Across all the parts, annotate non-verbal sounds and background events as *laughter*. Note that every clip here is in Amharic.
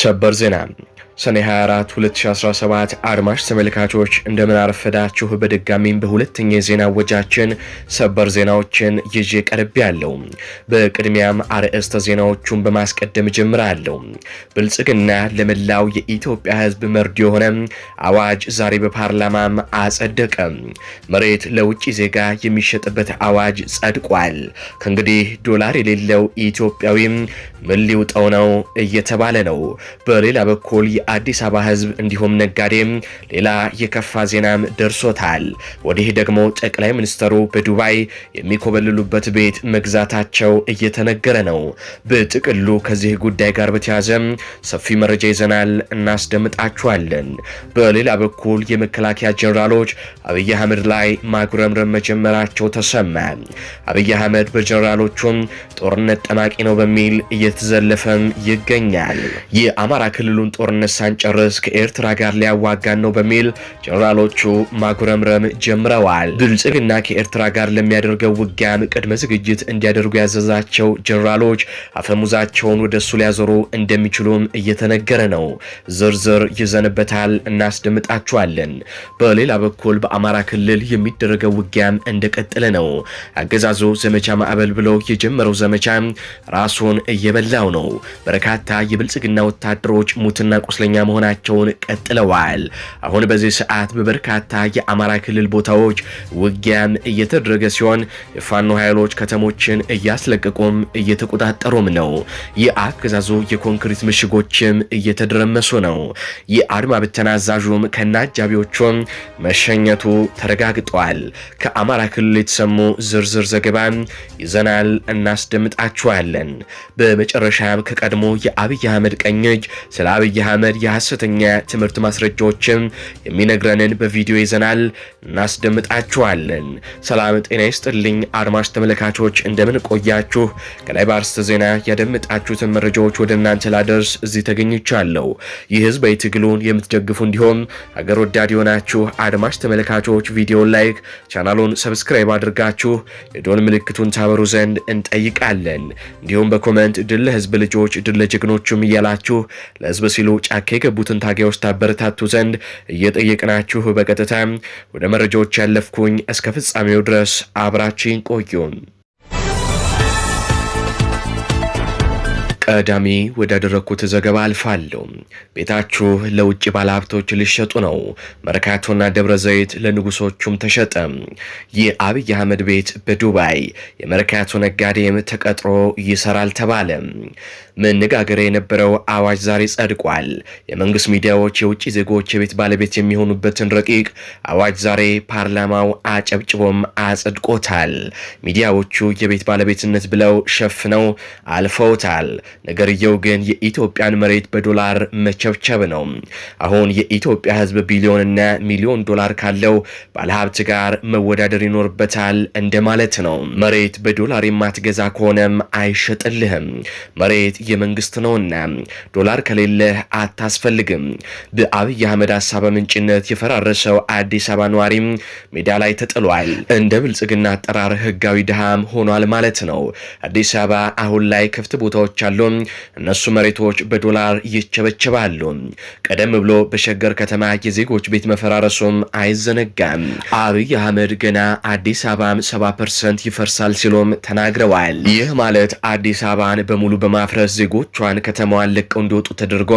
ሸበር ዜና ሰኔ 24 2017 አድማሽ ተመልካቾች እንደምን አረፈዳችሁ። በድጋሚም በሁለተኛ የዜና ወጃችን ሰበር ዜናዎችን ይዤ ቀርቤ ያለው። በቅድሚያም አርዕስተ ዜናዎቹን በማስቀደም ጀምራለሁ። ብልጽግና ለመላው የኢትዮጵያ ሕዝብ መርድ የሆነ አዋጅ ዛሬ በፓርላማም አጸደቀ። መሬት ለውጭ ዜጋ የሚሸጥበት አዋጅ ጸድቋል። ከእንግዲህ ዶላር የሌለው ኢትዮጵያዊም ምን ሊውጠው ነው እየተባለ ነው። በሌላ በኩል የአዲስ አበባ ህዝብ እንዲሁም ነጋዴም ሌላ የከፋ ዜናም ደርሶታል። ወዲህ ደግሞ ጠቅላይ ሚኒስተሩ በዱባይ የሚኮበልሉበት ቤት መግዛታቸው እየተነገረ ነው። በጥቅሉ ከዚህ ጉዳይ ጋር በተያዘም ሰፊ መረጃ ይዘናል፣ እናስደምጣችኋለን። በሌላ በኩል የመከላከያ ጀኔራሎች አብይ አህመድ ላይ ማጉረምረም መጀመራቸው ተሰማ። አብይ አህመድ በጀኔራሎቹም ጦርነት ጠማቂ ነው በሚል እየተዘለፈም ይገኛል። የአማራ ክልሉን ጦርነት ሳንጨርስ ከኤርትራ ጋር ሊያዋጋን ነው በሚል ጀነራሎቹ ማጉረምረም ጀምረዋል። ብልጽግና ከኤርትራ ጋር ለሚያደርገው ውጊያም ቅድመ ዝግጅት እንዲያደርጉ ያዘዛቸው ጀነራሎች አፈሙዛቸውን ወደ እሱ ሊያዞሩ እንደሚችሉም እየተነገረ ነው። ዝርዝር ይዘንበታል፣ እናስደምጣችኋለን። በሌላ በኩል በአማራ ክልል የሚደረገው ውጊያም እንደቀጠለ ነው። አገዛዙ ዘመቻ ማዕበል ብሎ የጀመረው ዘመቻ ራሱን እየበላው ነው። በርካታ የብልጽግና ወታደሮች ሙትና ቁስለ ከፍተኛ መሆናቸውን ቀጥለዋል። አሁን በዚህ ሰዓት በበርካታ የአማራ ክልል ቦታዎች ውጊያም እየተደረገ ሲሆን የፋኖ ኃይሎች ከተሞችን እያስለቀቁም እየተቆጣጠሩም ነው። የአገዛዙ የኮንክሪት ምሽጎችም እየተደረመሱ ነው። የአድማ ብተና አዛዡም አጃቢዎቹም መሸኘቱ ተረጋግጧል። ከአማራ ክልል የተሰሙ ዝርዝር ዘገባ ይዘናል፣ እናስደምጣችኋለን። በመጨረሻም ከቀድሞ የአብይ አህመድ ቀኝ እጅ ስለ አብይ አህመድ የሐሰተኛ ትምህርት ማስረጃዎችን የሚነግረንን በቪዲዮ ይዘናል፣ እናስደምጣችኋለን። ሰላም ጤና ይስጥልኝ አድማጭ ተመልካቾች፣ እንደምን ቆያችሁ? ከላይ በአርስተ ዜና ያደምጣችሁትን መረጃዎች ወደ እናንተ ላደርስ እዚህ ተገኝቻለሁ። ይህ ህዝባዊ ትግሉን የምትደግፉ እንዲሆን ሀገር ወዳድ የሆናችሁ አድማጭ ተመልካቾች ቪዲዮን ላይክ፣ ቻናሉን ሰብስክራይብ አድርጋችሁ የዶል ምልክቱን ታበሩ ዘንድ እንጠይቃለን። እንዲሁም በኮመንት ድል ለህዝብ ልጆች ድል ለጀግኖቹም እያላችሁ ለህዝብ ሲሉ ጫ ጫካ የገቡትን ታጋዮች ታበረታቱ ዘንድ እየጠየቅናችሁ በቀጥታ ወደ መረጃዎች ያለፍኩኝ፣ እስከ ፍጻሜው ድረስ አብራችን ቆዩን። ቀዳሚ ወዳደረግኩት ዘገባ አልፋለሁ። ቤታችሁ ለውጭ ባለሀብቶች ሊሸጡ ነው። መርካቶና ደብረ ዘይት ለንጉሶቹም ተሸጠ። የአብይ አህመድ ቤት በዱባይ የመርካቶ ነጋዴም ተቀጥሮ ይሰራል ተባለ። መነጋገሪያ የነበረው አዋጅ ዛሬ ጸድቋል። የመንግስት ሚዲያዎች የውጭ ዜጎች የቤት ባለቤት የሚሆኑበትን ረቂቅ አዋጅ ዛሬ ፓርላማው አጨብጭቦም አጸድቆታል። ሚዲያዎቹ የቤት ባለቤትነት ብለው ሸፍነው አልፈውታል። ነገርየው ግን የኢትዮጵያን መሬት በዶላር መቸብቸብ ነው። አሁን የኢትዮጵያ ቢሊዮን ቢሊዮንና ሚሊዮን ዶላር ካለው ባለሀብት ጋር መወዳደር ይኖርበታል እንደማለት ነው። መሬት በዶላር የማትገዛ ከሆነም አይሸጥልህም። መሬት የመንግስት ነውና ዶላር ከሌለ አታስፈልግም። በአብይ አህመድ ሀሳብ ምንጭነት የፈራረሰው አዲስ አበባ ነዋሪም ሜዳ ላይ ተጥሏል። እንደ ብልጽግና አጠራር ህጋዊ ድሃም ሆኗል ማለት ነው። አዲስ አበባ አሁን ላይ ክፍት ቦታዎች አሉ። እነሱ መሬቶች በዶላር ይቸበቸባሉ። ቀደም ብሎ በሸገር ከተማ የዜጎች ቤት መፈራረሱም አይዘነጋም። አብይ አህመድ ገና አዲስ አበባም 70 ፐርሰንት ይፈርሳል ሲሉም ተናግረዋል። ይህ ማለት አዲስ አበባን በሙሉ በማፍረስ ዜጎቿን ከተማዋን ለቀው እንዲወጡ ተደርጎ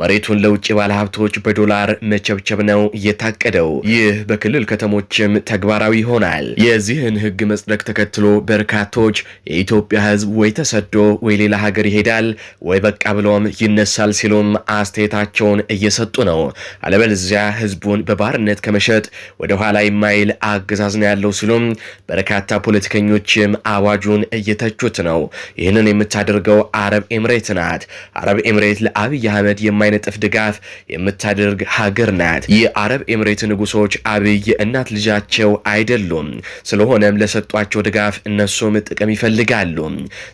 መሬቱን ለውጭ ባለሀብቶች በዶላር መቸብቸብ ነው እየታቀደው ይህ በክልል ከተሞችም ተግባራዊ ይሆናል። የዚህን ህግ መጽደቅ ተከትሎ በርካቶች የኢትዮጵያ ህዝብ ወይ ተሰዶ ወይ ሌላ ሀገር ይሄዳል ወይ በቃ ብሎም ይነሳል ሲሉም አስተያየታቸውን እየሰጡ ነው። አለበለዚያ ህዝቡን በባርነት ከመሸጥ ወደ ኋላ የማይል አገዛዝ ነው ያለው ሲሉም በርካታ ፖለቲከኞችም አዋጁን እየተቹት ነው። ይህንን የምታደርገው አረብ ኤምሬት ናት። አረብ ኤምሬት ለአብይ አህመድ የማይነጥፍ ድጋፍ የምታደርግ ሀገር ናት። የአረብ ኤምሬት ንጉሶች አብይ እናት ልጃቸው አይደሉም። ስለሆነም ለሰጧቸው ድጋፍ እነሱም ጥቅም ይፈልጋሉ።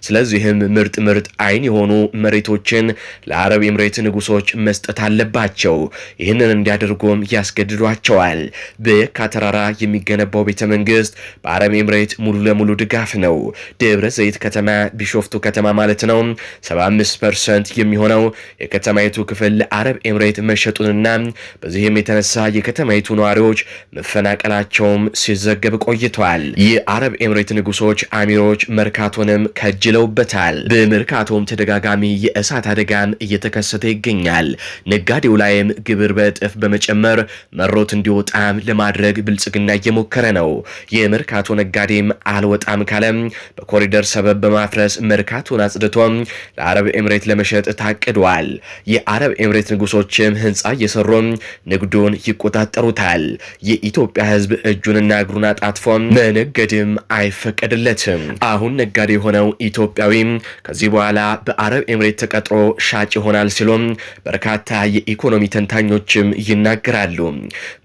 ስለዚህም ምርጥ ምርጥ አይን የሆኑ መሬቶችን ለአረብ ኤምሬት ንጉሶች መስጠት አለባቸው። ይህንን እንዲያደርጉም ያስገድዷቸዋል። በየካ ተራራ የሚገነባው ቤተ መንግስት በአረብ ኤምሬት ሙሉ ለሙሉ ድጋፍ ነው። ደብረ ዘይት ከተማ፣ ቢሾፍቱ ከተማ ማለት ነው 75 ፐርሰንት የሚሆነው የከተማይቱ ክፍል ለአረብ ኤምሬት መሸጡንና በዚህም የተነሳ የከተማይቱ ነዋሪዎች መፈናቀላቸውም ሲዘገብ ቆይተዋል። የአረብ ኤምሬት ንጉሶች፣ አሚሮች መርካቶንም ከጅለውበታል። በመርካቶም ተደጋጋሚ የእሳት አደጋም እየተከሰተ ይገኛል። ነጋዴው ላይም ግብር በእጥፍ በመጨመር መሮት እንዲወጣም ለማድረግ ብልጽግና እየሞከረ ነው። የመርካቶ ነጋዴም አልወጣም ካለም በኮሪደር ሰበብ በማፍረስ መርካቶን አጽድቶም ለአረብ ኤምሬት ለመሸጥ ታቅዷል። የአረብ ኤምሬት ንጉሶችም ህንፃ እየሰሩም ንግዱን ይቆጣጠሩታል። የኢትዮጵያ ህዝብ እጁንና እግሩን አጣጥፎ መነገድም አይፈቀድለትም። አሁን ነጋዴ የሆነው ኢትዮጵያዊም ከዚህ በኋላ በአረብ ኤምሬት ተቀጥሮ ሻጭ ይሆናል ሲሉም በርካታ የኢኮኖሚ ተንታኞችም ይናገራሉ።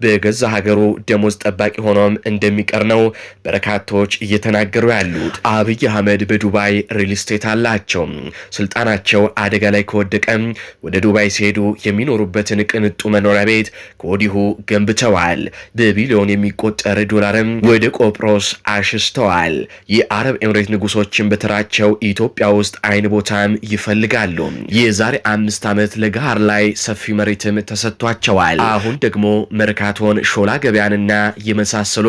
በገዛ ሀገሩ ደሞዝ ጠባቂ ሆኖም እንደሚቀር ነው በርካቶች እየተናገሩ ያሉት። አብይ አህመድ በዱባይ ሪል ስቴት አላቸው። ስልጣናቸው አደጋ ላይ ከወደቀም ወደ ዱባይ ሲሄዱ የሚኖሩበትን ቅንጡ መኖሪያ ቤት ከወዲሁ ገንብተዋል። በቢሊዮን የሚቆጠር ዶላርም ወደ ቆጵሮስ አሽስተዋል። የአረብ ኤምሬት ንጉሶችን በተራቸው ኢትዮጵያ ውስጥ አይን ቦታም ይፈልጋሉ። የዛሬ አምስት ዓመት ለጋር ላይ ሰፊ መሬትም ተሰጥቷቸዋል። አሁን ደግሞ መርካቶን፣ ሾላ ገበያንና የመሳሰሉ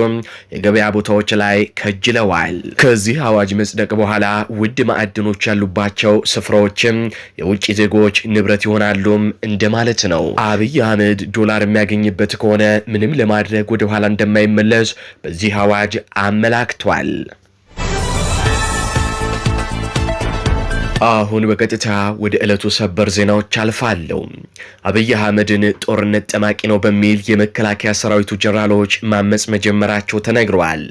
የገበያ ቦታዎች ላይ ከጅለዋል። ከዚህ አዋጅ መጽደቅ በኋላ ውድ ማዕድኖች ያሉባቸው ስፍራዎችም የውጭ ዜጎች ንብረት ይሆናሉም እንደማለት ነው። አብይ አህመድ ዶላር የሚያገኝበት ከሆነ ምንም ለማድረግ ወደኋላ እንደማይመለስ በዚህ አዋጅ አመላክቷል። አሁን በቀጥታ ወደ ዕለቱ ሰበር ዜናዎች አልፋለሁ። አብይ አህመድን ጦርነት ጠማቂ ነው በሚል የመከላከያ ሰራዊቱ ጀነራሎች ማመፅ መጀመራቸው ተነግረዋል።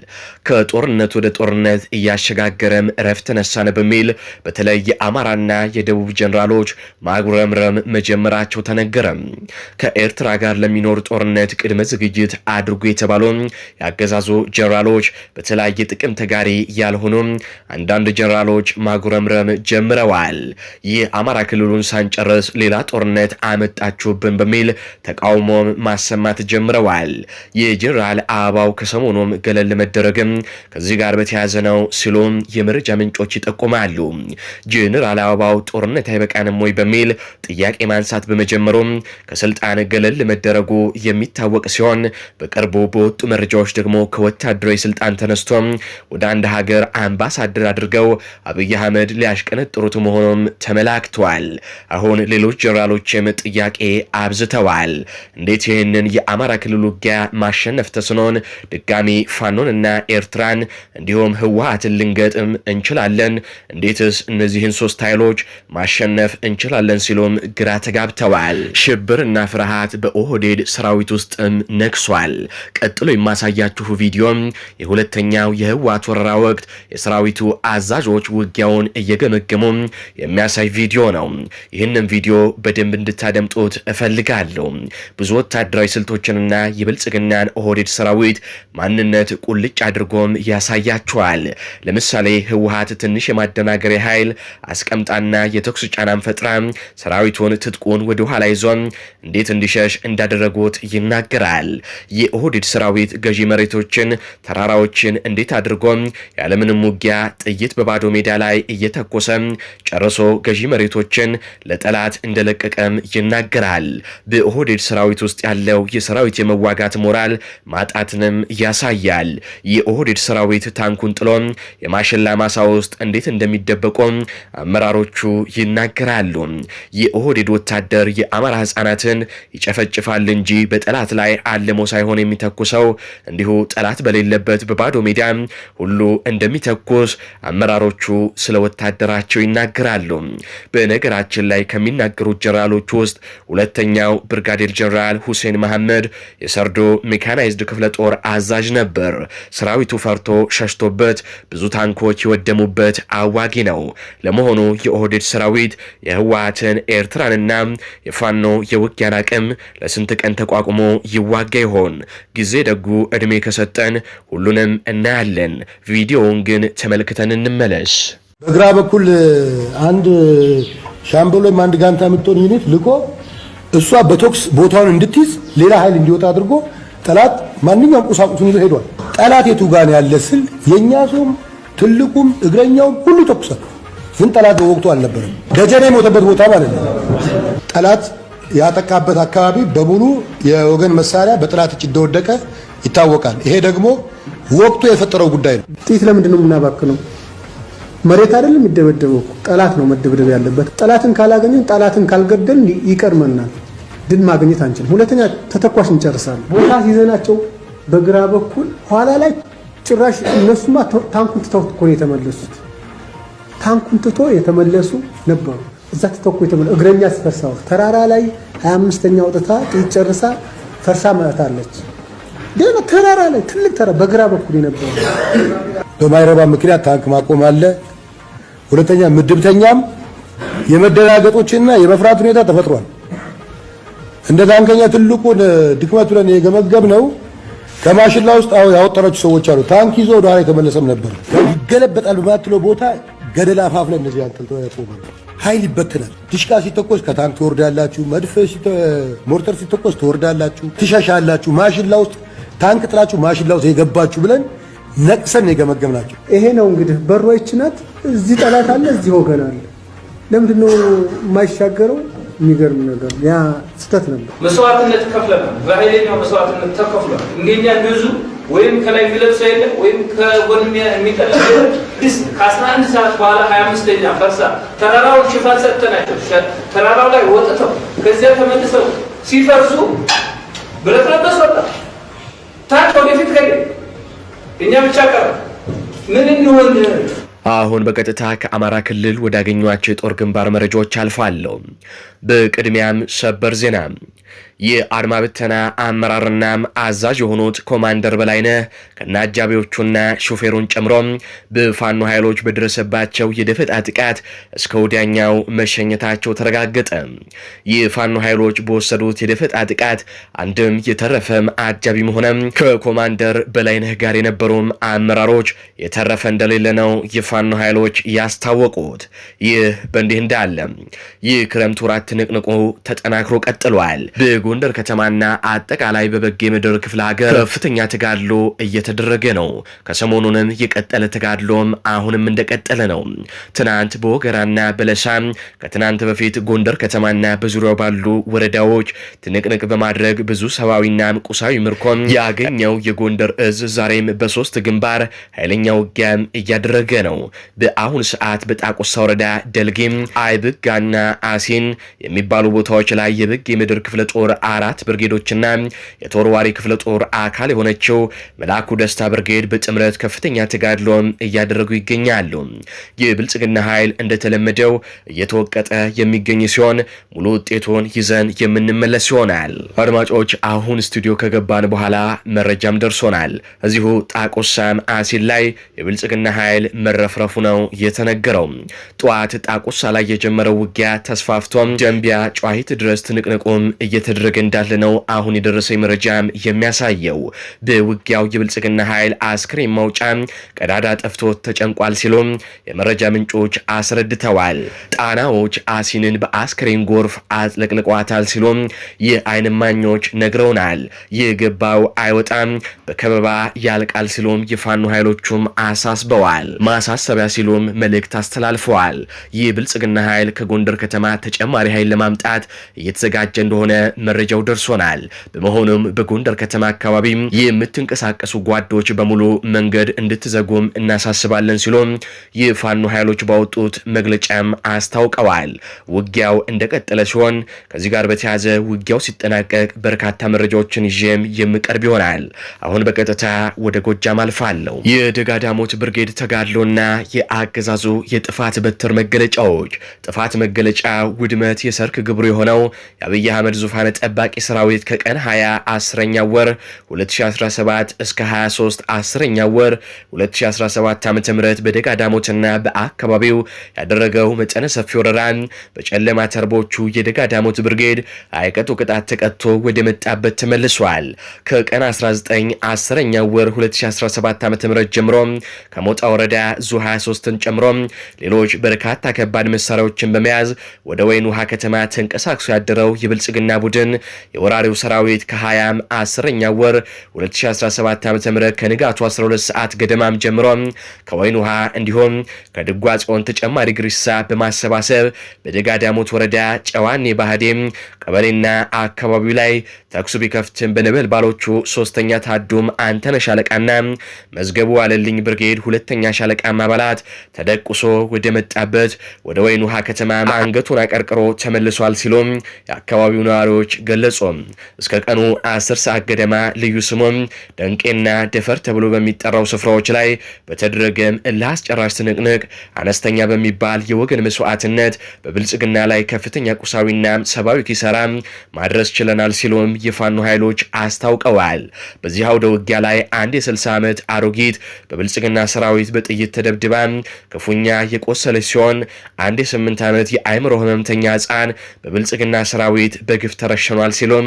ከጦርነት ወደ ጦርነት እያሸጋገረም እረፍት ተነሳነ በሚል በተለይ የአማራና የደቡብ ጀነራሎች ማጉረምረም መጀመራቸው ተነገረም። ከኤርትራ ጋር ለሚኖር ጦርነት ቅድመ ዝግጅት አድርጉ የተባሉ የአገዛዙ ጀነራሎች በተለያየ ጥቅም ተጋሪ ያልሆኑ አንዳንድ ጀነራሎች ማጉረምረም ጀምረ ጀምረዋል። ይህ አማራ ክልሉን ሳንጨርስ ሌላ ጦርነት አመጣችሁብን በሚል ተቃውሞም ማሰማት ጀምረዋል። የጀኔራል አበባው ከሰሞኑም ገለል መደረግም ከዚህ ጋር በተያያዘ ነው ሲሉም የመረጃ ምንጮች ይጠቁማሉ። ጀኔራል አበባው ጦርነት አይበቃንም ወይ በሚል ጥያቄ ማንሳት በመጀመሩም ከስልጣን ገለል መደረጉ የሚታወቅ ሲሆን በቅርቡ በወጡ መረጃዎች ደግሞ ከወታደራዊ ስልጣን ተነስቶ ወደ አንድ ሀገር አምባሳደር አድርገው አብይ አህመድ ሊያሽቀነጥሩ እየሰሩት መሆኑም ተመላክቷል። አሁን ሌሎች ጀኔራሎችም ጥያቄ አብዝተዋል። እንዴት ይህንን የአማራ ክልል ውጊያ ማሸነፍ ተስኖን ድጋሚ ፋኖንና ኤርትራን እንዲሁም ህወሀትን ልንገጥም እንችላለን? እንዴትስ እነዚህን ሶስት ኃይሎች ማሸነፍ እንችላለን? ሲሉም ግራ ተጋብተዋል። ሽብርና ፍርሃት በኦህዴድ ሰራዊት ውስጥም ነግሷል። ቀጥሎ የማሳያችሁ ቪዲዮም የሁለተኛው የህወሀት ወረራ ወቅት የሰራዊቱ አዛዦች ውጊያውን እየገመገሙ የሚያሳይ ቪዲዮ ነው። ይህንን ቪዲዮ በደንብ እንድታደምጡት እፈልጋለሁ። ብዙ ወታደራዊ ስልቶችንና የብልጽግናን ኦህዴድ ሰራዊት ማንነት ቁልጭ አድርጎም ያሳያቸዋል። ለምሳሌ ህወሀት ትንሽ የማደናገሪያ ኃይል አስቀምጣና የተኩስ ጫናን ፈጥራ ሰራዊቱን ትጥቁን ወደ ኋላ ይዞን እንዴት እንዲሸሽ እንዳደረጉት ይናገራል። የኦህዴድ ሰራዊት ገዢ መሬቶችን፣ ተራራዎችን እንዴት አድርጎም ያለምንም ውጊያ ጥይት በባዶ ሜዳ ላይ እየተኮሰ ጨርሶ ገዢ መሬቶችን ለጠላት እንደለቀቀም ይናገራል። በኦህዴድ ሰራዊት ውስጥ ያለው የሰራዊት የመዋጋት ሞራል ማጣትንም ያሳያል። የኦህዴድ ሰራዊት ታንኩን ጥሎ የማሽላ ማሳ ውስጥ እንዴት እንደሚደበቁ አመራሮቹ ይናገራሉ። የኦህዴድ ወታደር የአማራ ህጻናትን ይጨፈጭፋል እንጂ በጠላት ላይ አልሞ ሳይሆን የሚተኩሰው እንዲሁ ጠላት በሌለበት በባዶ ሜዳ ሁሉ እንደሚተኩስ አመራሮቹ ስለ ወታደራቸው ይናገራሉ። በነገራችን ላይ ከሚናገሩት ጀነራሎች ውስጥ ሁለተኛው ብርጋዴር ጀነራል ሁሴን መሐመድ የሰርዶ ሜካናይዝድ ክፍለ ጦር አዛዥ ነበር። ሰራዊቱ ፈርቶ ሸሽቶበት ብዙ ታንኮች የወደሙበት አዋጊ ነው። ለመሆኑ የኦህዴድ ሰራዊት የህወሀትን ኤርትራንና የፋኖ የውጊያን አቅም ለስንት ቀን ተቋቁሞ ይዋጋ ይሆን? ጊዜ ደጉ እድሜ ከሰጠን ሁሉንም እናያለን። ቪዲዮውን ግን ተመልክተን እንመለስ። በግራ በኩል አንድ ሻምበል ወይም አንድ ጋንታ የምትሆን ዩኒት ልቆ እሷ በቶክስ ቦታውን እንድትይዝ ሌላ ኃይል እንዲወጣ አድርጎ ጠላት ማንኛውም ቁሳቁሱን ይዞ ሄዷል። ጠላት የቱ ጋን ያለ ስል የእኛ ሰውም ትልቁም እግረኛውም ሁሉ ተኩሷል። ግን ጠላት በወቅቱ አልነበረም። ደጀኔ የሞተበት ቦታ ማለት ነው። ጠላት ያጠቃበት አካባቢ በሙሉ የወገን መሳሪያ በጠላት እጅ እንደወደቀ ይታወቃል። ይሄ ደግሞ ወቅቱ የፈጠረው ጉዳይ ነው። ጥይት ለምንድን ነው የምናባክነው? መሬት አይደለም የሚደበደበው፣ ጠላት ነው መደብደብ ያለበት። ጠላትን ካላገኘን፣ ጠላትን ካልገደልን ይቀርመናል፣ ድል ማግኘት አንችልም። ሁለተኛ ተተኳሽ እንጨርሳለን። ቦታ ሲይዘናቸው በግራ በኩል ኋላ ላይ ጭራሽ እነሱማ ታንኩን ትተው እኮ ነው የተመለሱት። ታንኩን ትቶ የተመለሱ ነበሩ። እዛ ትተኮ የተመለ እግረኛ ሲፈርሳ ተራራ ላይ 25ኛ ወጥታ ጥይት ጨርሳ ፈርሳ መታለች። ደህና ተራራ ላይ ትልቅ ተራ በግራ በኩል የነበረ በማይረባ ምክንያት ታንክ ማቆም አለ። ሁለተኛ ምድብተኛም የመደናገጦችና የመፍራት ሁኔታ ተፈጥሯል። እንደ ታንከኛ ትልቁን ድክመት ብለን የገመገብነው ከማሽላ ውስጥ አሁን ያወጠረችው ሰዎች አሉ። ታንክ ይዞ ወደ ኋላ የተመለሰም ነበር። ይገለበጣል በማትለው ቦታ ገደል አፋፍ ላይ እነዚህ አንጠልጥለው ያቆማሉ። ኃይል ይበትናል። ትሽቃ ሲተኮስ ከታንክ ትወርዳላችሁ። መድፍ ሞርተር ሲተኮስ ትወርዳላችሁ፣ ትሸሻላችሁ። ማሽላ ውስጥ ታንክ ጥላችሁ ማሽላ ውስጥ የገባችሁ ብለን ነቅሰን የገመገም ናቸው። ይሄ ነው እንግዲህ በሯ ይች ናት። እዚህ ጠላት አለ፣ እዚህ ወገን አለ። ለምንድን ነው የማይሻገረው? የሚገርም ነገር ያ ስህተት ነበር። መስዋዕትነት ከፍለናል። በኃይለኛው መስዋዕትነት ተከፍሏል። እንደኛ ብዙ ወይም ከላይ የሚለብሰው የለ ወይም ከጎን የሚጠለቅ የለም። ስ ከአስራ አንድ ሰዓት በኋላ ሀያ አምስተኛ ፈርሳ ተራራውን ሽፋን ሰጥተናቸው ተራራው ላይ ወጥተው ከዚያ ተመልሰው ሲፈርሱ ብረት ለበስ ወጣ እኛ ብቻ ቀረ ምን እንሆን? አሁን በቀጥታ ከአማራ ክልል ወዳገኟቸው የጦር ግንባር መረጃዎች አልፋለሁ። በቅድሚያም ሰበር ዜና የአድማ ብተና አመራርና አዛዥ የሆኑት ኮማንደር በላይነህ ከነ አጃቢዎቹና ሾፌሩን ጨምሮ በፋኖ ኃይሎች በደረሰባቸው የደፈጣ ጥቃት እስከ ወዲያኛው መሸኘታቸው ተረጋገጠ። የፋኖ ኃይሎች በወሰዱት የደፈጣ ጥቃት አንድም የተረፈም አጃቢም ሆነ ከኮማንደር በላይነህ ጋር የነበሩም አመራሮች የተረፈ እንደሌለ ነው የፋኖ ኃይሎች ያስታወቁት። ይህ በእንዲህ እንዳለ ይህ ወራት ትንቅንቁ ተጠናክሮ ቀጥሏል። በጎንደር ከተማና አጠቃላይ በበጌ ምድር ክፍለ ሀገር ከፍተኛ ተጋድሎ እየተደረገ ነው። ከሰሞኑንም የቀጠለ ተጋድሎም አሁንም እንደቀጠለ ነው። ትናንት በወገራና በለሳ ከትናንት በፊት ጎንደር ከተማና በዙሪያው ባሉ ወረዳዎች ትንቅንቅ በማድረግ ብዙ ሰብአዊና ቁሳዊ ምርኮም ያገኘው የጎንደር እዝ ዛሬም በሶስት ግንባር ኃይለኛ ውጊያም እያደረገ ነው። በአሁን ሰዓት በጣቁሳ ወረዳ ደልጌም አይብጋና አሲን የሚባሉ ቦታዎች ላይ የበጌ ምድር ክፍለ ጦር አራት ብርጌዶችና የተወርዋሪ ክፍለ ጦር አካል የሆነችው መላኩ ደስታ ብርጌድ በጥምረት ከፍተኛ ተጋድሎን እያደረጉ ይገኛሉ። ይህ ብልጽግና ኃይል እንደተለመደው እየተወቀጠ የሚገኝ ሲሆን ሙሉ ውጤቱን ይዘን የምንመለስ ይሆናል። አድማጮች፣ አሁን ስቱዲዮ ከገባን በኋላ መረጃም ደርሶናል። እዚሁ ጣቁሳም አሲል ላይ የብልጽግና ኃይል መረፍረፉ ነው የተነገረው። ጠዋት ጣቁሳ ላይ የጀመረው ውጊያ ተስፋፍቶም ጀንቢያ ጨዋሂት ድረስ ትንቅንቁም እየተደረ እየተደረገ እንዳለ ነው አሁን የደረሰኝ መረጃም የሚያሳየው። በውጊያው የብልጽግና ኃይል አስክሬን ማውጫ ቀዳዳ ጠፍቶ ተጨንቋል ሲሉም የመረጃ ምንጮች አስረድተዋል። ጣናዎች አሲንን በአስክሬን ጎርፍ አጥለቅልቋታል ሲሉም የአይን ማኞች ነግረውናል። የገባው አይወጣም፣ በከበባ ያልቃል ሲሉም የፋኖ ኃይሎቹም አሳስበዋል። ማሳሰቢያ ሲሉም መልእክት አስተላልፈዋል። ይህ ኃይል ከጎንደር ከተማ ተጨማሪ ኃይል ለማምጣት እየተዘጋጀ እንደሆነ መረጃው ደርሶናል። በመሆኑም በጎንደር ከተማ አካባቢ የምትንቀሳቀሱ ጓዶች በሙሉ መንገድ እንድትዘጉም እናሳስባለን ሲሉም የፋኖ ኃይሎች ባወጡት መግለጫም አስታውቀዋል። ውጊያው እንደቀጠለ ሲሆን ከዚህ ጋር በተያያዘ ውጊያው ሲጠናቀቅ በርካታ መረጃዎችን ይዤም የምቀርብ ይሆናል። አሁን በቀጥታ ወደ ጎጃም አልፋለሁ። የደጋዳሞት ብርጌድ ተጋድሎና የአገዛዙ የጥፋት በትር መገለጫዎች ጥፋት መገለጫ ውድመት የሰርክ ግብሩ የሆነው የአብይ አህመድ ዙፋን ጠባቂ ሰራዊት ከቀን 20 ወር 2017 እስከ 23 10ኛ ወር 2017 ዓ ም በደጋ በአካባቢው ያደረገው መጠነ ሰፊ ወረራ በጨለማ ተርቦቹ የደጋዳሞት ብርጌድ አይቀጡ ቅጣት ተቀጥቶ ወደ መጣበት ተመልሷል። ከቀን 19 10ኛ ወር 2017 ዓ ም ጀምሮ ከሞጣ ወረዳ ዙ 23ን ጨምሮ ሌሎች በርካታ ከባድ መሳሪያዎችን በመያዝ ወደ ወይን ውሃ ከተማ ተንቀሳቅሶ ያደረው የብልጽግና ቡድን የወራሪው ሰራዊት ከ20 አስረኛ ኛ ወር 2017 ዓ.ም ከንጋቱ 12 ሰዓት ገደማም ጀምሮ ከወይን ውሃ እንዲሁም ከድጓ ጽዮን ተጨማሪ ግሪሳ በማሰባሰብ በደጋዳሞት ወረዳ ጨዋኔ ባህዴም ቀበሌና አካባቢው ላይ ተኩሱ ቢከፍትም በነበልባሎቹ ሶስተኛ ታዱም አንተነ ሻለቃና መዝገቡ አለልኝ ብርጌድ ሁለተኛ ሻለቃም አባላት ተደቁሶ ወደ መጣበት ወደ ወይን ውሃ ከተማ አንገቱን አቀርቅሮ ተመልሷል ሲሉም የአካባቢው ነዋሪዎች ገለጹ። እስከ ቀኑ 10 ሰዓት ገደማ ልዩ ስሙም ደንቄና ደፈር ተብሎ በሚጠራው ስፍራዎች ላይ በተደረገም እልህ ትንቅንቅ አነስተኛ በሚባል የወገን መስዋዕትነት በብልጽግና ላይ ከፍተኛ ቁሳዊና ሰብአዊ ኪሰራ ማድረስ ችለናል ሲሉም የፋኖ ኃይሎች አስታውቀዋል። በዚህ አውደ ውጊያ ላይ አንድ የ60 ዓመት አሮጊት በብልጽግና ሰራዊት በጥይት ተደብድባ ክፉኛ የቆሰለች ሲሆን አንድ የ8 ዓመት የአእምሮ ህመምተኛ ህፃን በብልጽግና ሰራዊት በግፍ ተረሽ ተሸኗል ሲሉም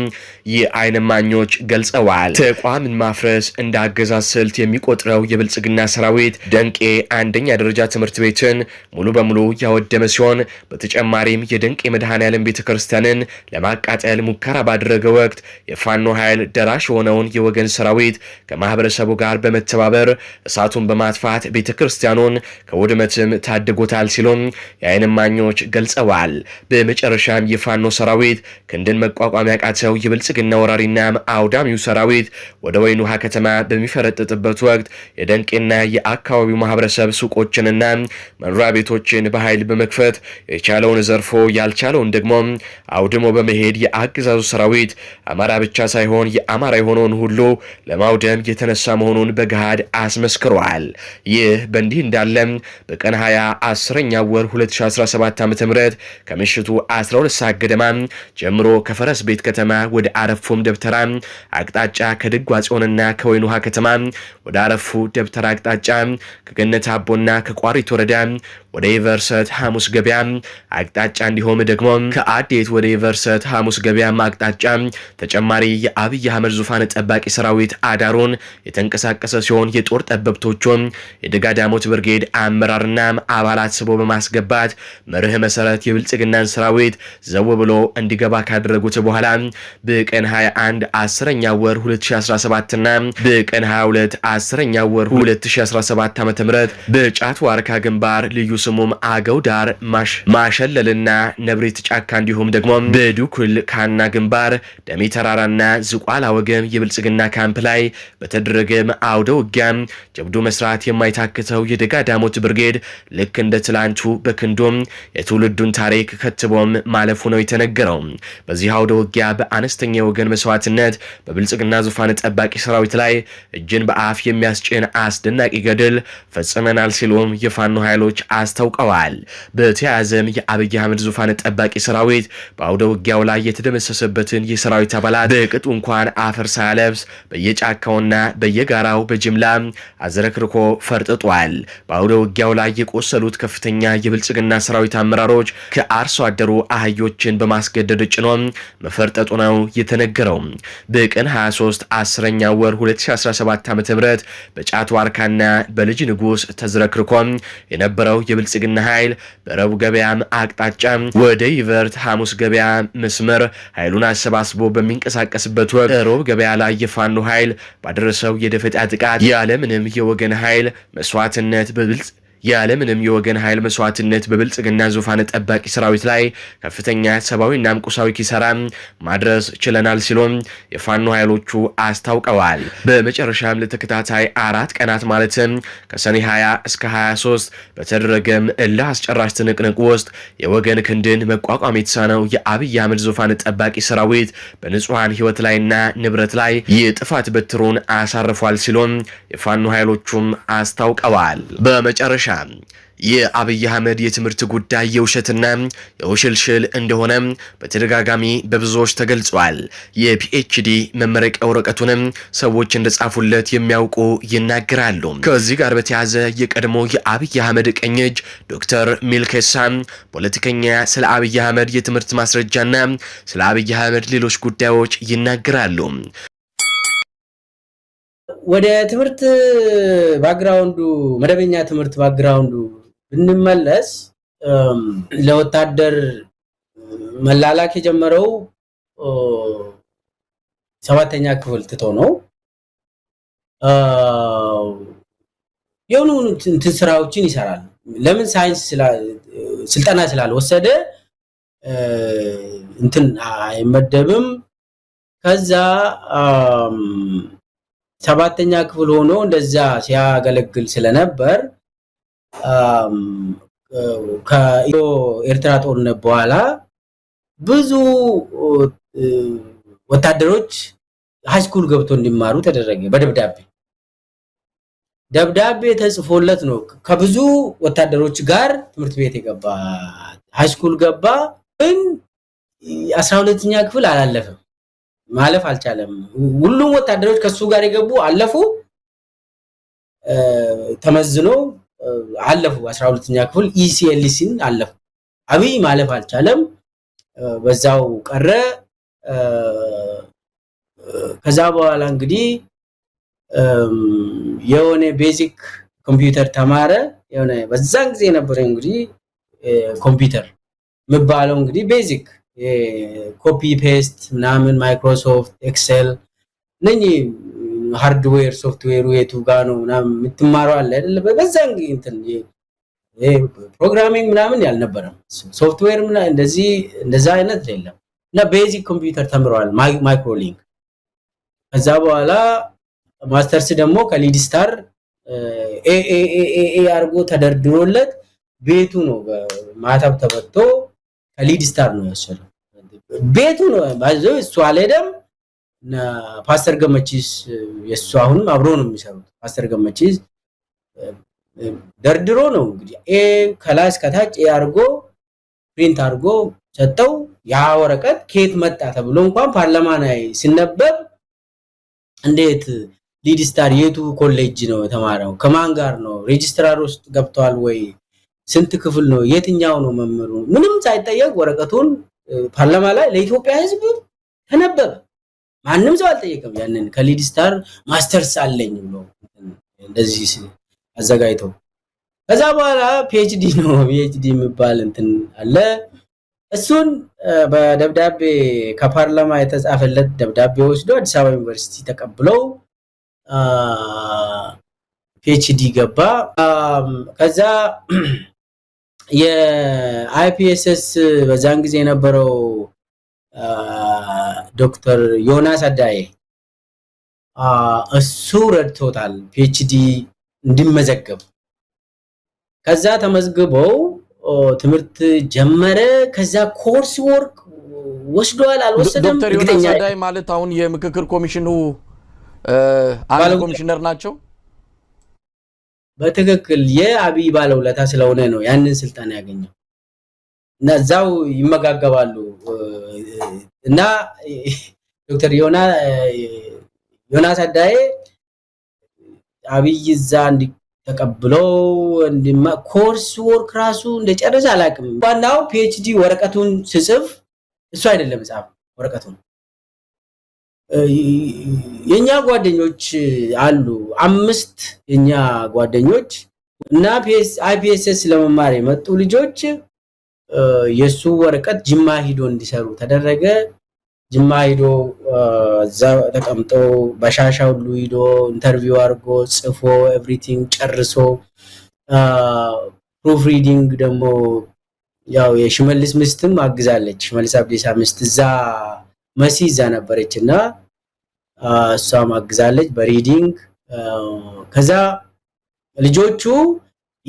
የአይን ማኞች ገልጸዋል። ተቋምን ማፍረስ እንደ አገዛዝ ስልት የሚቆጥረው የብልጽግና ሰራዊት ደንቄ አንደኛ ደረጃ ትምህርት ቤትን ሙሉ በሙሉ ያወደመ ሲሆን በተጨማሪም የደንቄ መድኃኔ ዓለም ቤተ ክርስቲያንን ለማቃጠል ሙከራ ባደረገ ወቅት የፋኖ ኃይል ደራሽ የሆነውን የወገን ሰራዊት ከማህበረሰቡ ጋር በመተባበር እሳቱን በማጥፋት ቤተ ክርስቲያኑን ከውድመትም ታድጎታል ሲሉም የአይን ማኞች ገልጸዋል። በመጨረሻም የፋኖ ሰራዊት ክንድን መቋ መቋቋም ያቃተው የብልጽግና ወራሪና አውዳሚው ሰራዊት ወደ ወይን ውሃ ከተማ በሚፈረጥጥበት ወቅት የደንቄና የአካባቢው ማህበረሰብ ሱቆችንና መኖሪያ ቤቶችን በኃይል በመክፈት የቻለውን ዘርፎ ያልቻለውን ደግሞ አውድሞ በመሄድ የአገዛዙ ሰራዊት አማራ ብቻ ሳይሆን የአማራ የሆነውን ሁሉ ለማውደም የተነሳ መሆኑን በገሃድ አስመስክረዋል። ይህ በእንዲህ እንዳለም በቀን 20 10 ወር 2017 ዓ ም ከምሽቱ 12 ሰዓት ገደማ ጀምሮ ከፈረስ ከፈረስ ቤት ከተማ ወደ አረፎም ደብተራ አቅጣጫ ከድጓ ጽዮንና ከወይን ውሃ ከተማ ወደ አረፉ ደብተራ አቅጣጫ ከገነት አቦና ከቋሪት ወረዳ ወደ ዩቨርሰት ሐሙስ ገበያ አቅጣጫ እንዲሁም ደግሞ ከአዴት ወደ ዩቨርሰት ሐሙስ ገበያ አቅጣጫ ተጨማሪ የአብይ አህመድ ዙፋን ጠባቂ ሰራዊት አዳሩን የተንቀሳቀሰ ሲሆን የጦር ጠበብቶቹን የደጋዳሞት ብርጌድ አመራርና አባላት ስቦ በማስገባት መርህ መሰረት የብልጽግናን ሰራዊት ዘው ብሎ እንዲገባ ካደረጉት በኋላ በቀን 21 10ኛ ወር 2017 እና በቀን 22 10ኛ ወር 2017 ዓ.ም በጫት ዋርካ ግንባር ልዩ ስሙም አገው ዳር ማሸለልና ነብሬት ጫካ እንዲሁም ደግሞ በዱኩል ካና ግንባር ደሜ ተራራና ዝቋላ ወገም የብልጽግና ካምፕ ላይ በተደረገ አውደ ውጊያም ጀብዱ መስራት የማይታክተው የደጋ ዳሞት ብርጌድ ልክ እንደ ትላንቱ በክንዶም የትውልዱን ታሪክ ከትቦም ማለፉ ነው የተነገረው። በዚህ አውደ ውጊያ በአነስተኛ የወገን መስዋዕትነት በብልጽግና ዙፋን ጠባቂ ሰራዊት ላይ እጅን በአፍ የሚያስጭን አስደናቂ ገድል ፈጽመናል ሲሉም የፋኖ ኃይሎች አስ አስታውቀዋል። በተያያዘም የአብይ አህመድ ዙፋን ጠባቂ ሰራዊት በአውደ ውጊያው ላይ የተደመሰሰበትን የሰራዊት አባላት በቅጡ እንኳን አፈር ሳያለብስ በየጫካውና በየጋራው በጅምላ አዝረክርኮ ፈርጥጧል። በአውደ ውጊያው ላይ የቆሰሉት ከፍተኛ የብልጽግና ሰራዊት አመራሮች ከአርሶ አደሩ አህዮችን በማስገደድ ጭኖ መፈርጠጡ ነው የተነገረው። በቀን 23 10ኛ ወር 2017 ዓ.ም በጫት ዋርካና በልጅ ንጉስ ተዝረክርኮ የነበረው የ የብልጽግና ኃይል በረቡ ገበያም አቅጣጫ ወደ ይቨርት ሐሙስ ገበያ መስመር ኃይሉን አሰባስቦ በሚንቀሳቀስበት ወቅት ሮብ ገበያ ላይ የፋኖ ኃይል ባደረሰው የደፈጣ ጥቃት ያለምንም የወገን ኃይል መስዋዕትነት በብልጽ ያለምንም የወገን ኃይል መስዋዕትነት በብልጽግና ዙፋን ጠባቂ ሰራዊት ላይ ከፍተኛ ሰብአዊና ምቁሳዊ ኪሰራ ማድረስ ችለናል ሲሉም የፋኖ ኃይሎቹ አስታውቀዋል። በመጨረሻም ለተከታታይ አራት ቀናት ማለትም ከሰኔ 20 እስከ 23 በተደረገም እልህ አስጨራሽ ትንቅንቅ ውስጥ የወገን ክንድን መቋቋም የተሳነው የአብይ አህመድ ዙፋን ጠባቂ ሰራዊት በንጹሐን ህይወት ላይና ንብረት ላይ የጥፋት በትሩን አሳርፏል ሲሉም የፋኖ ኃይሎቹም አስታውቀዋል። በመጨረሻ የአብይ አህመድ የትምህርት ጉዳይ የውሸትና የውሽልሽል እንደሆነ በተደጋጋሚ በብዙዎች ተገልጿል። የፒኤችዲ መመረቂያ ወረቀቱንም ሰዎች እንደጻፉለት የሚያውቁ ይናገራሉ። ከዚህ ጋር በተያያዘ የቀድሞ የአብይ አህመድ ቀኝ እጅ ዶክተር ሚልኬሳ ፖለቲከኛ ስለ አብይ አህመድ የትምህርት ማስረጃና ስለ አብይ አህመድ ሌሎች ጉዳዮች ይናገራሉ። ወደ ትምህርት ባግራውንዱ መደበኛ ትምህርት ባግራውንዱ ብንመለስ ለወታደር መላላክ የጀመረው ሰባተኛ ክፍል ትቶ ነው። የሆኑ እንትን ስራዎችን ይሰራል። ለምን ሳይንስ ስልጠና ስላልወሰደ እንትን አይመደብም። ከዛ ሰባተኛ ክፍል ሆኖ እንደዛ ሲያገለግል ስለነበር ከኢትዮ ኤርትራ ጦርነት በኋላ ብዙ ወታደሮች ሃይስኩል ገብቶ እንዲማሩ ተደረገ። በደብዳቤ ደብዳቤ ተጽፎለት ነው ከብዙ ወታደሮች ጋር ትምህርት ቤት የገባ ሃይስኩል ገባ፣ ግን አስራ ሁለተኛ ክፍል አላለፈም። ማለፍ አልቻለም። ሁሉም ወታደሮች ከሱ ጋር የገቡ አለፉ፣ ተመዝኖ አለፉ። አስራ ሁለተኛ ክፍል ኢሲኤልሲን አለፉ። አብይ ማለፍ አልቻለም፣ በዛው ቀረ። ከዛ በኋላ እንግዲህ የሆነ ቤዚክ ኮምፒውተር ተማረ። የሆነ በዛን ጊዜ ነበር እንግዲህ ኮምፒውተር የሚባለው እንግዲህ ቤዚክ ኮፒ ፔስት ምናምን ማይክሮሶፍት ኤክሴል ነኝ ሃርድዌር ሶፍትዌሩ የቱ ጋ ነው ምናምን የምትማረው አለ አይደለ? በዛን እንትን ፕሮግራሚንግ ምናምን ያልነበረም ሶፍትዌር እንደዚህ እንደዛ አይነት የለም እና ቤዚክ ኮምፒውተር ተምረዋል ማይክሮሊንክ። ከዛ በኋላ ማስተርስ ደግሞ ከሊድ ስታር ኤኤኤኤ አድርጎ ተደርድሮለት ቤቱ ነው ማተብ ተበቶ ከሊድ ስታር ነው የወሰደው። ቤቱ ነው ባይዘው እሱ አልሄደም። ፓስተር ገመቺስ የእሱ አሁንም አብሮ ነው የሚሰሩት። ፓስተር ገመቺስ ደርድሮ ነው እንግዲህ ኤ ከላይ እስከታች ኤ አድርጎ ፕሪንት አድርጎ ሰጠው። ያ ወረቀት ከየት መጣ ተብሎ እንኳን ፓርላማ ላይ ሲነበብ እንዴት ሊድስታር የቱ ኮሌጅ ነው የተማረው? ከማን ጋር ነው? ሬጅስትራር ውስጥ ገብተዋል ወይ? ስንት ክፍል ነው? የትኛው ነው መምህሩ? ምንም ሳይጠየቅ ወረቀቱን ፓርላማ ላይ ለኢትዮጵያ ህዝብ ተነበበ። ማንም ሰው አልጠየቀም። ያንን ከሊድ ስታር ማስተርስ አለኝ ብሎ እንደዚህ አዘጋጅተው ከዛ በኋላ ፒኤችዲ ነው *laughs* ፒኤችዲ የሚባል እንትን አለ። እሱን በደብዳቤ ከፓርላማ የተጻፈለት ደብዳቤ ወስዶ አዲስ አበባ ዩኒቨርሲቲ ተቀብለው ፒኤችዲ ገባ። ከዛ *clears throat* የአይፒኤስኤስ በዛን ጊዜ የነበረው ዶክተር ዮናስ አዳዬ እሱ ረድቶታል ፒኤችዲ እንዲመዘገብ። ከዛ ተመዝግበው ትምህርት ጀመረ። ከዛ ኮርስ ወርክ ወስዷል አልወሰደም። ዶክተር ዮናስ አዳይ ማለት አሁን የምክክር ኮሚሽኑ አንድ ኮሚሽነር ናቸው። በትክክል የአብይ ባለውለታ ስለሆነ ነው ያንን ስልጣን ያገኘው እና እዛው ይመጋገባሉ እና ዶክተር ዮናስ አዳዬ አብይ እዛ ተቀብለው ኮርስ ወርክ ራሱ እንደጨረሰ አላውቅም። ዋናው ፒኤችዲ ወረቀቱን ስጽፍ እሱ አይደለም ጻፍ ወረቀቱን የእኛ ጓደኞች አሉ አምስት የእኛ ጓደኞች እና አይፒኤስኤስ ለመማር የመጡ ልጆች የእሱ ወረቀት ጅማ ሂዶ እንዲሰሩ ተደረገ። ጅማ ሂዶ እዛ ተቀምጦ በሻሻ ሁሉ ሂዶ ኢንተርቪው አድርጎ ጽፎ ኤቭሪቲንግ ጨርሶ ፕሩፍ ሪዲንግ ደግሞ ያው የሽመልስ ምስትም አግዛለች። ሽመልስ አብዲሳ ምስት እዛ መሲ እዛ ነበረች እና እሷም አግዛለች በሪዲንግ ከዛ ልጆቹ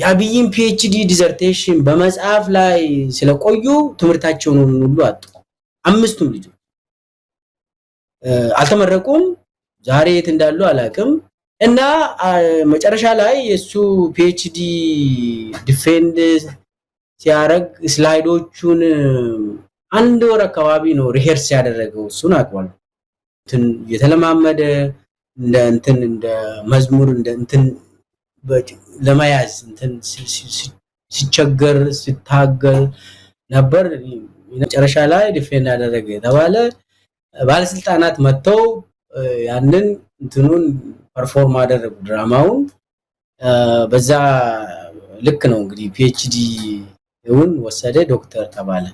የአብይን ፒኤችዲ ዲዘርቴሽን በመጽሐፍ ላይ ስለቆዩ ትምህርታቸውን ሁሉ አጡ። አምስቱም ልጆች አልተመረቁም። ዛሬ የት እንዳሉ አላቅም። እና መጨረሻ ላይ የእሱ ፒኤችዲ ዲፌንድ ሲያደርግ ስላይዶቹን አንድ ወር አካባቢ ነው ሪሄርስ ያደረገው። እሱን አውቀዋለሁ። እንትን የተለማመደ እንደ እንትን እንደ መዝሙር እንደ እንትን ለመያዝ እንትን ሲቸገር ሲታገል ነበር። መጨረሻ ላይ ዲፌንድ ያደረገ የተባለ ባለስልጣናት መጥተው ያንን እንትኑን ፐርፎርም አደረጉ ድራማውን። በዛ ልክ ነው እንግዲህ ፒኤችዲውን ወሰደ ዶክተር ተባለ።